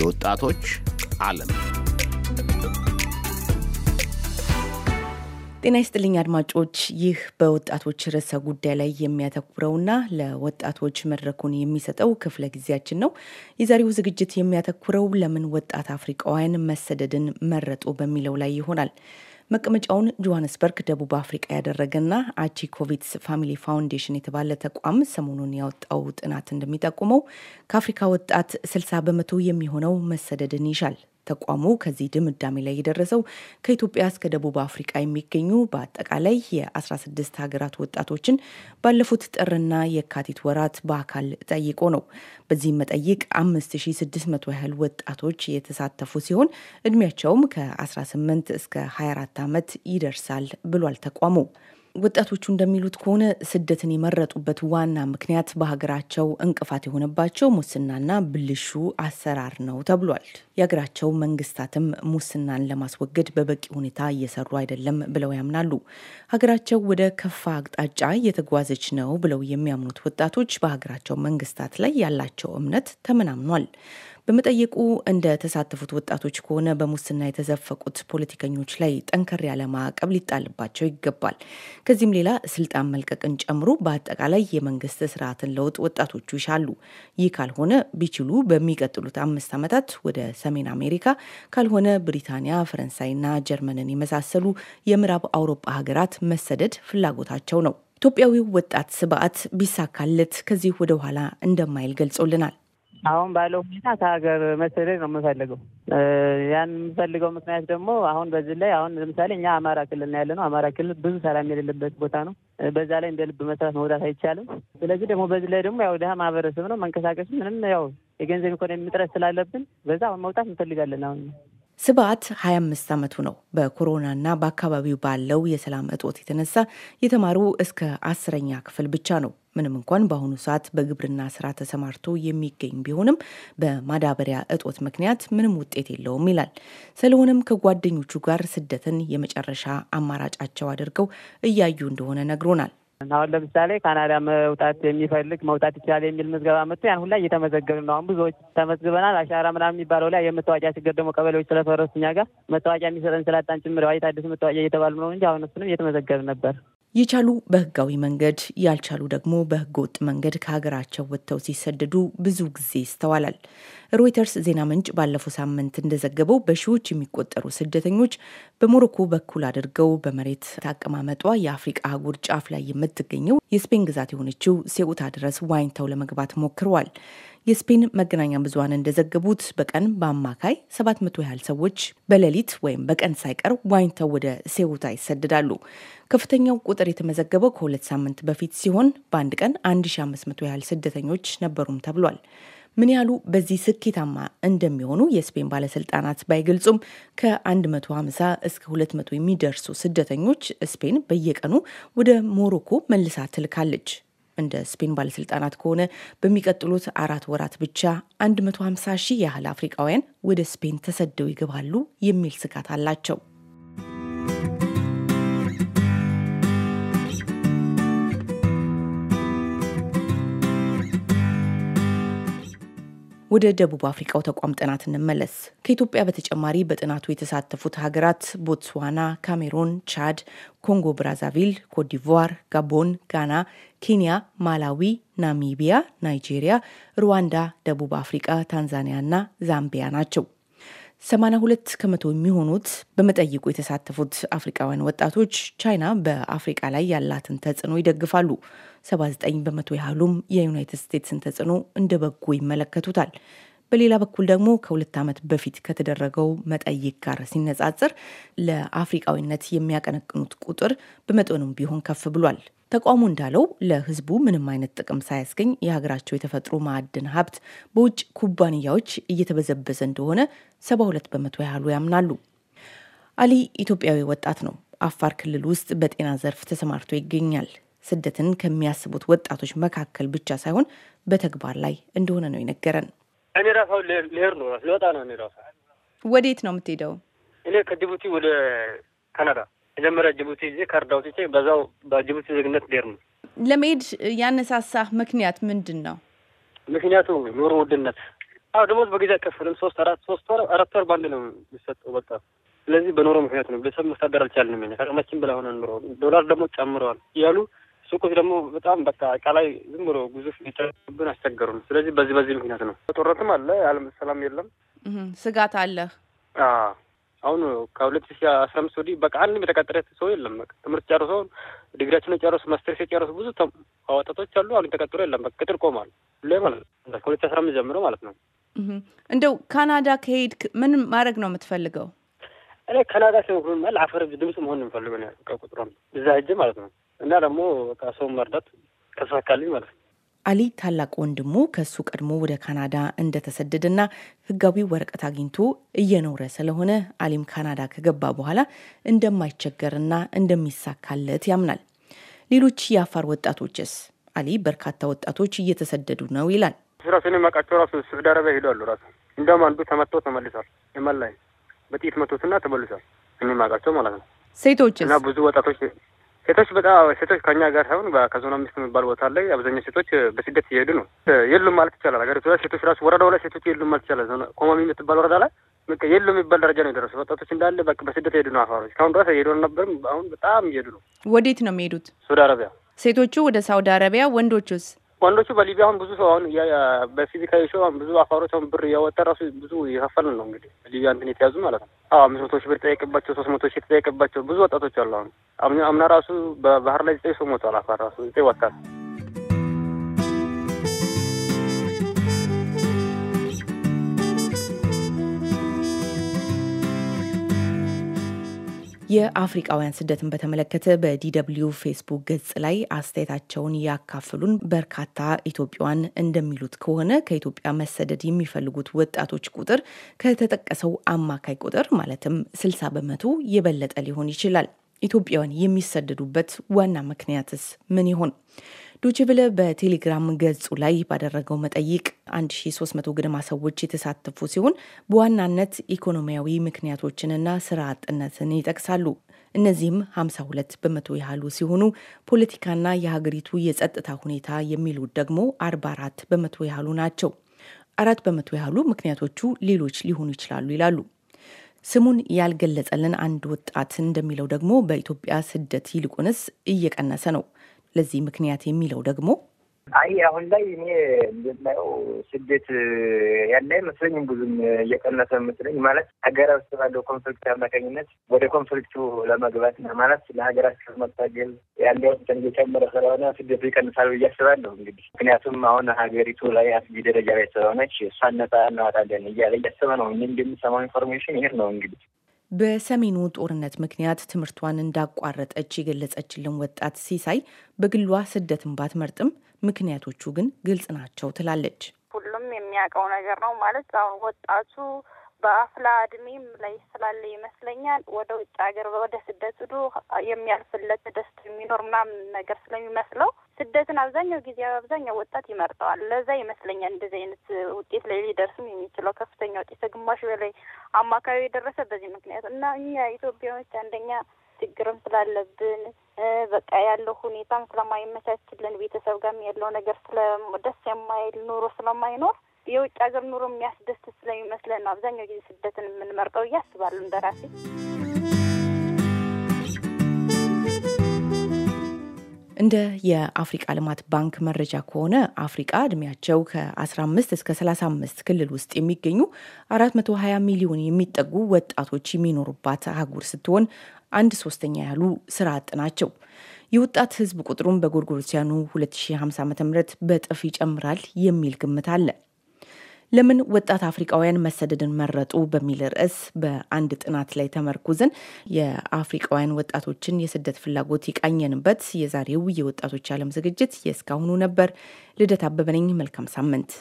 የወጣቶች ዓለም ጤና ይስጥልኝ አድማጮች። ይህ በወጣቶች ርዕሰ ጉዳይ ላይ የሚያተኩረውና ለወጣቶች መድረኩን የሚሰጠው ክፍለ ጊዜያችን ነው። የዛሬው ዝግጅት የሚያተኩረው ለምን ወጣት አፍሪቃውያን መሰደድን መረጡ በሚለው ላይ ይሆናል። መቀመጫውን ጆሃንስበርግ ደቡብ አፍሪቃ ያደረገና አቺ ኮቪድስ ፋሚሊ ፋውንዴሽን የተባለ ተቋም ሰሞኑን ያወጣው ጥናት እንደሚጠቁመው ከአፍሪካ ወጣት 60 በመቶ የሚሆነው መሰደድን ይሻል። ተቋሙ ከዚህ ድምዳሜ ላይ የደረሰው ከኢትዮጵያ እስከ ደቡብ አፍሪቃ የሚገኙ በአጠቃላይ የ16 ሀገራት ወጣቶችን ባለፉት ጥርና የካቲት ወራት በአካል ጠይቆ ነው። በዚህም መጠይቅ 5600 ያህል ወጣቶች የተሳተፉ ሲሆን እድሜያቸውም ከ18 እስከ 24 ዓመት ይደርሳል ብሏል ተቋሙ። ወጣቶቹ እንደሚሉት ከሆነ ስደትን የመረጡበት ዋና ምክንያት በሀገራቸው እንቅፋት የሆነባቸው ሙስናና ብልሹ አሰራር ነው ተብሏል። የሀገራቸው መንግስታትም ሙስናን ለማስወገድ በበቂ ሁኔታ እየሰሩ አይደለም ብለው ያምናሉ። ሀገራቸው ወደ ከፋ አቅጣጫ እየተጓዘች ነው ብለው የሚያምኑት ወጣቶች በሀገራቸው መንግስታት ላይ ያላቸው እምነት ተመናምኗል። በመጠየቁ እንደ ተሳተፉት ወጣቶች ከሆነ በሙስና የተዘፈቁት ፖለቲከኞች ላይ ጠንከር ያለ ማዕቀብ ሊጣልባቸው ይገባል። ከዚህም ሌላ ስልጣን መልቀቅን ጨምሮ በአጠቃላይ የመንግስት ስርዓትን ለውጥ ወጣቶቹ ይሻሉ። ይህ ካልሆነ ቢችሉ በሚቀጥሉት አምስት ዓመታት ወደ ሰሜን አሜሪካ ካልሆነ ብሪታንያ፣ ፈረንሳይና ጀርመንን የመሳሰሉ የምዕራብ አውሮፓ ሀገራት መሰደድ ፍላጎታቸው ነው። ኢትዮጵያዊው ወጣት ስብዓት ቢሳካለት ከዚህ ወደ ኋላ እንደማይል ገልጾልናል። አሁን ባለው ሁኔታ ከሀገር መሰደድ ነው የምፈልገው። ያን የምፈልገው ምክንያት ደግሞ አሁን በዚህ ላይ አሁን ለምሳሌ እኛ አማራ ክልል ነው ያለ ነው። አማራ ክልል ብዙ ሰላም የሌለበት ቦታ ነው። በዛ ላይ እንደ ልብ መስራት መውጣት አይቻልም። ስለዚህ ደግሞ በዚህ ላይ ደግሞ ያው ድሀ ማህበረሰብ ነው መንቀሳቀስ ምንም ያው የገንዘብ ኢኮኖሚ እጥረት ስላለብን በዛ አሁን መውጣት እንፈልጋለን አሁን ስብዓት 25 ዓመቱ ነው። በኮሮናና በአካባቢው ባለው የሰላም እጦት የተነሳ የተማሩ እስከ አስረኛ ክፍል ብቻ ነው። ምንም እንኳን በአሁኑ ሰዓት በግብርና ስራ ተሰማርቶ የሚገኝ ቢሆንም በማዳበሪያ እጦት ምክንያት ምንም ውጤት የለውም ይላል። ስለሆነም ከጓደኞቹ ጋር ስደትን የመጨረሻ አማራጫቸው አድርገው እያዩ እንደሆነ ነግሮናል። አሁን ለምሳሌ ካናዳ መውጣት የሚፈልግ መውጣት ይችላል የሚል ምዝገባ መጥቶ ያን ሁላ እየተመዘገብ ነው። አሁን ብዙዎች ተመዝግበናል። አሻራ ምናምን የሚባለው ላይ የመታወቂያ ችግር ደግሞ ቀበሌዎች ስለፈረሱ እኛ ጋር መታወቂያ የሚሰጠን ስላጣን ጭምር የታደሱ መታወቂያ እየተባሉ ነው እንጂ አሁን እሱንም እየተመዘገብ ነበር። የቻሉ በህጋዊ መንገድ ያልቻሉ ደግሞ በህገ ወጥ መንገድ ከሀገራቸው ወጥተው ሲሰደዱ ብዙ ጊዜ ይስተዋላል። ሮይተርስ ዜና ምንጭ ባለፈው ሳምንት እንደዘገበው በሺዎች የሚቆጠሩ ስደተኞች በሞሮኮ በኩል አድርገው በመሬት አቀማመጧ የአፍሪቃ አህጉር ጫፍ ላይ የምትገኘው የስፔን ግዛት የሆነችው ሴውታ ድረስ ዋኝተው ለመግባት ሞክረዋል። የስፔን መገናኛ ብዙሀን እንደዘገቡት በቀን በአማካይ 700 ያህል ሰዎች በሌሊት ወይም በቀን ሳይቀር ዋኝተው ወደ ሴውታ ይሰደዳሉ። ከፍተኛው ቁጥር የተመዘገበው ከሁለት ሳምንት በፊት ሲሆን በአንድ ቀን 1500 ያህል ስደተኞች ነበሩም ተብሏል። ምን ያህሉ በዚህ ስኬታማ እንደሚሆኑ የስፔን ባለስልጣናት ባይገልጹም ከ150 እስከ 200 የሚደርሱ ስደተኞች ስፔን በየቀኑ ወደ ሞሮኮ መልሳ ትልካለች። እንደ ስፔን ባለስልጣናት ከሆነ በሚቀጥሉት አራት ወራት ብቻ 150 ሺህ ያህል አፍሪቃውያን ወደ ስፔን ተሰደው ይገባሉ የሚል ስጋት አላቸው። ወደ ደቡብ አፍሪካው ተቋም ጥናት እንመለስ። ከኢትዮጵያ በተጨማሪ በጥናቱ የተሳተፉት ሀገራት ቦትስዋና፣ ካሜሩን፣ ቻድ፣ ኮንጎ ብራዛቪል፣ ኮትዲቯር፣ ጋቦን፣ ጋና፣ ኬንያ፣ ማላዊ፣ ናሚቢያ፣ ናይጄሪያ፣ ሩዋንዳ፣ ደቡብ አፍሪካ፣ ታንዛኒያ እና ዛምቢያ ናቸው። 82 ከመቶ የሚሆኑት በመጠይቁ የተሳተፉት አፍሪካውያን ወጣቶች ቻይና በአፍሪቃ ላይ ያላትን ተጽዕኖ ይደግፋሉ። 79 በመቶ ያህሉም የዩናይትድ ስቴትስን ተጽዕኖ እንደ በጎ ይመለከቱታል። በሌላ በኩል ደግሞ ከሁለት ዓመት በፊት ከተደረገው መጠይቅ ጋር ሲነጻጽር ለአፍሪቃዊነት የሚያቀነቅኑት ቁጥር በመጠኑም ቢሆን ከፍ ብሏል። ተቋሙ እንዳለው ለህዝቡ ምንም አይነት ጥቅም ሳያስገኝ የሀገራቸው የተፈጥሮ ማዕድን ሀብት በውጭ ኩባንያዎች እየተበዘበዘ እንደሆነ 72 በመቶ ያህሉ ያምናሉ። አሊ ኢትዮጵያዊ ወጣት ነው። አፋር ክልል ውስጥ በጤና ዘርፍ ተሰማርቶ ይገኛል። ስደትን ከሚያስቡት ወጣቶች መካከል ብቻ ሳይሆን በተግባር ላይ እንደሆነ ነው የነገረን። እኔ ራሱ ልሄድ ነው፣ ልወጣ ነው። እኔ ራሳ ወዴት ነው የምትሄደው? እኔ ከጅቡቲ ወደ ካናዳ መጀመሪያ ጅቡቲ ዜ ከርዳው አውጥቼ በዛው በጅቡቲ ዜግነት ዴር ነው ለመሄድ ያነሳሳ ምክንያት ምንድን ነው? ምክንያቱ ኑሮ ውድነት። አዎ ደሞዝ በጊዜ አይከፈልም። ሶስት አራት ሶስት ወር አራት ወር በአንድ ነው የሚሰጠው በቃ ስለዚህ በኑሮ ምክንያት ነው ቤተሰብ መስተዳደር አልቻልንም። ከአቅማችን በላይ ሆነ ኑሮ። ዶላር ደግሞ ጨምረዋል እያሉ ሱቆች ደግሞ በጣም በቃ ዕቃ ላይ ዝም ብሎ ግዙፍ ሊጨብን አስቸገሩን። ስለዚህ በዚህ በዚህ ምክንያት ነው። ጦርነትም አለ፣ የዓለም ሰላም የለም፣ ስጋት አለ። አሁን ከሁለት ሺ አስራ አምስት ወዲህ በቃ አንድም የተቀጠረ ሰው የለም። በቃ ትምህርት ጨርሶ ዲግሪያችን ጨርሶ ማስተርስ የጨረሱ ብዙ ወጣቶች አሉ። አሁን የተቀጠሩ የለም። በቃ ቅጥር ቆሟል። ሁሌ ማለት ነው ከሁለት ሺ አስራ አምስት ጀምሮ ማለት ነው። እንደው ካናዳ ከሄድክ ምን ማድረግ ነው የምትፈልገው? እኔ ካናዳ ሲሆን ማለት አፈር ድምፅ መሆን የምፈልገው ቁጥሮ እዛ ሂጅ ማለት ነው እና ደግሞ ሰው መርዳት ተሳካልኝ ማለት ነው አሊ ታላቅ ወንድሙ ከሱ ቀድሞ ወደ ካናዳ እንደተሰደደና ህጋዊ ወረቀት አግኝቶ እየኖረ ስለሆነ አሊም ካናዳ ከገባ በኋላ እንደማይቸገርና እንደሚሳካለት ያምናል። ሌሎች የአፋር ወጣቶችስ? አሊ በርካታ ወጣቶች እየተሰደዱ ነው ይላል። ራሱ እኔ የማውቃቸው ራሱ ስዑድ አረቢያ ሄደዋል። ራሱ እንደውም አንዱ ተመቶ ተመልሷል። የመላይ ላይ በጥይት መቶትና ተመልሷል። እኔ የማውቃቸው ማለት ነው። ሴቶችስ? እና ብዙ ወጣቶች ሴቶች በጣም ሴቶች ከኛ ጋር ሳይሆን ከዞን አምስት የሚባል ቦታ ላይ አብዛኛው ሴቶች በስደት እየሄዱ ነው። የሉም ማለት ይቻላል። ሀገሪቱ ላይ ሴቶች ራሱ ወረዳው ላይ ሴቶች የሉም ማለት ይቻላል። ኮማሚ የምትባል ወረዳ ላይ በቃ የሉ የሚባል ደረጃ ነው የደረሱ ወጣቶች እንዳለ በስደት እየሄዱ ነው። አፋሮች እስካሁን ድረስ እየሄዱ ነበርም፣ አሁን በጣም እየሄዱ ነው። ወዴት ነው የሚሄዱት? ሳውዲ አረቢያ ሴቶቹ ወደ ሳውዲ አረቢያ፣ ወንዶቹስ ወንዶቹ በሊቢያ አሁን ብዙ ሰው አሁን በፊዚካዊ ሾ ብዙ አፋሮች አሁን ብር እያወጣ ራሱ ብዙ እየከፈልን ነው። እንግዲህ በሊቢያ እንትን የተያዙ ማለት ነው። አዎ አምስት መቶ ሺህ ብር ጠየቅባቸው፣ ሶስት መቶ ሺህ የተጠየቅባቸው ብዙ ወጣቶች አሉ። አሁን አምና ራሱ በባህር ላይ ዘጠኝ ሰው ሞቷል። አፋር ራሱ ዘጠኝ ወጣት የአፍሪቃውያን ስደትን በተመለከተ በዲደብሊው ፌስቡክ ገጽ ላይ አስተያየታቸውን ያካፍሉን በርካታ ኢትዮጵያውያን እንደሚሉት ከሆነ ከኢትዮጵያ መሰደድ የሚፈልጉት ወጣቶች ቁጥር ከተጠቀሰው አማካይ ቁጥር ማለትም 60 በመቶ የበለጠ ሊሆን ይችላል። ኢትዮጵያውያን የሚሰደዱበት ዋና ምክንያትስ ምን ይሆን? ዶችብለ በቴሌግራም ገጹ ላይ ባደረገው መጠይቅ 1300 ግድማ ሰዎች የተሳተፉ ሲሆን በዋናነት ኢኮኖሚያዊ ምክንያቶችንና ስራ አጥነትን ይጠቅሳሉ። እነዚህም 52 በመቶ ያህሉ ሲሆኑ ፖለቲካና የሀገሪቱ የጸጥታ ሁኔታ የሚሉት ደግሞ 44 በመቶ ያህሉ ናቸው። አራት በመቶ ያህሉ ምክንያቶቹ ሌሎች ሊሆኑ ይችላሉ ይላሉ። ስሙን ያልገለጸልን አንድ ወጣት እንደሚለው ደግሞ በኢትዮጵያ ስደት ይልቁንስ እየቀነሰ ነው። ለዚህ ምክንያት የሚለው ደግሞ አይ አሁን ላይ እኔ እንደምናየው ስደት ያለ አይመስለኝም። ብዙም እየቀነሰ መስለኝ ማለት ሀገራ ውስጥ ባለው ኮንፍሊክት አማካኝነት ወደ ኮንፍሊክቱ ለመግባት ነው ማለት ለሀገራቸው መታገል ያለ እንትን እየጨመረ ስለሆነ ስደቱ ይቀንሳል ብዬ አስባለሁ። እንግዲህ ምክንያቱም አሁን ሀገሪቱ ላይ አስጊ ደረጃ ላይ ስለሆነች እሷን ነጻ እናወጣለን እያለ እያሰበ ነው። እኔ እንደምሰማው ኢንፎርሜሽን ይሄን ነው እንግዲህ በሰሜኑ ጦርነት ምክንያት ትምህርቷን እንዳቋረጠች የገለጸችልን ወጣት ሲሳይ በግሏ ስደትን ባትመርጥም ምክንያቶቹ ግን ግልጽ ናቸው ትላለች። ሁሉም የሚያውቀው ነገር ነው ማለት አሁን ወጣቱ በአፍላ እድሜም ላይ ስላለ ይመስለኛል ወደ ውጭ ሀገር ወደ ስደት ሂዶ የሚያልፍለት ደስት የሚኖር ምናምን ነገር ስለሚመስለው ስደትን አብዛኛው ጊዜ አብዛኛው ወጣት ይመርጠዋል። ለዛ ይመስለኛል እንደዚህ አይነት ውጤት ላይ ሊደርስም የሚችለው ከፍተኛ ውጤት ግማሽ በላይ አማካዩ የደረሰ በዚህ ምክንያት እና እኛ ኢትዮጵያዎች አንደኛ ችግርም ስላለብን በቃ ያለው ሁኔታም ስለማይመቻችልን ቤተሰብ ጋርም ያለው ነገር ስለደስ የማይል ኑሮ ስለማይኖር የውጭ ሀገር ኑሮ የሚያስደስት ስለሚመስለን ነው አብዛኛው ጊዜ ስደትን የምንመርጠው ብዬ አስባለሁ እንደራሴ። እንደ የአፍሪቃ ልማት ባንክ መረጃ ከሆነ አፍሪቃ እድሜያቸው ከ15 እስከ 35 ክልል ውስጥ የሚገኙ 420 ሚሊዮን የሚጠጉ ወጣቶች የሚኖሩባት አህጉር ስትሆን አንድ ሶስተኛ ያሉ ስራ አጥ ናቸው። የወጣት ህዝብ ቁጥሩን በጎርጎሮሲያኑ 2050 ዓ ም በጥፍ ይጨምራል የሚል ግምት አለ። ለምን ወጣት አፍሪቃውያን መሰደድን መረጡ በሚል ርዕስ በአንድ ጥናት ላይ ተመርኩዘን የአፍሪቃውያን ወጣቶችን የስደት ፍላጎት ይቃኘንበት የዛሬው የወጣቶች ዓለም ዝግጅት የእስካሁኑ ነበር። ልደት አበበነኝ መልካም ሳምንት።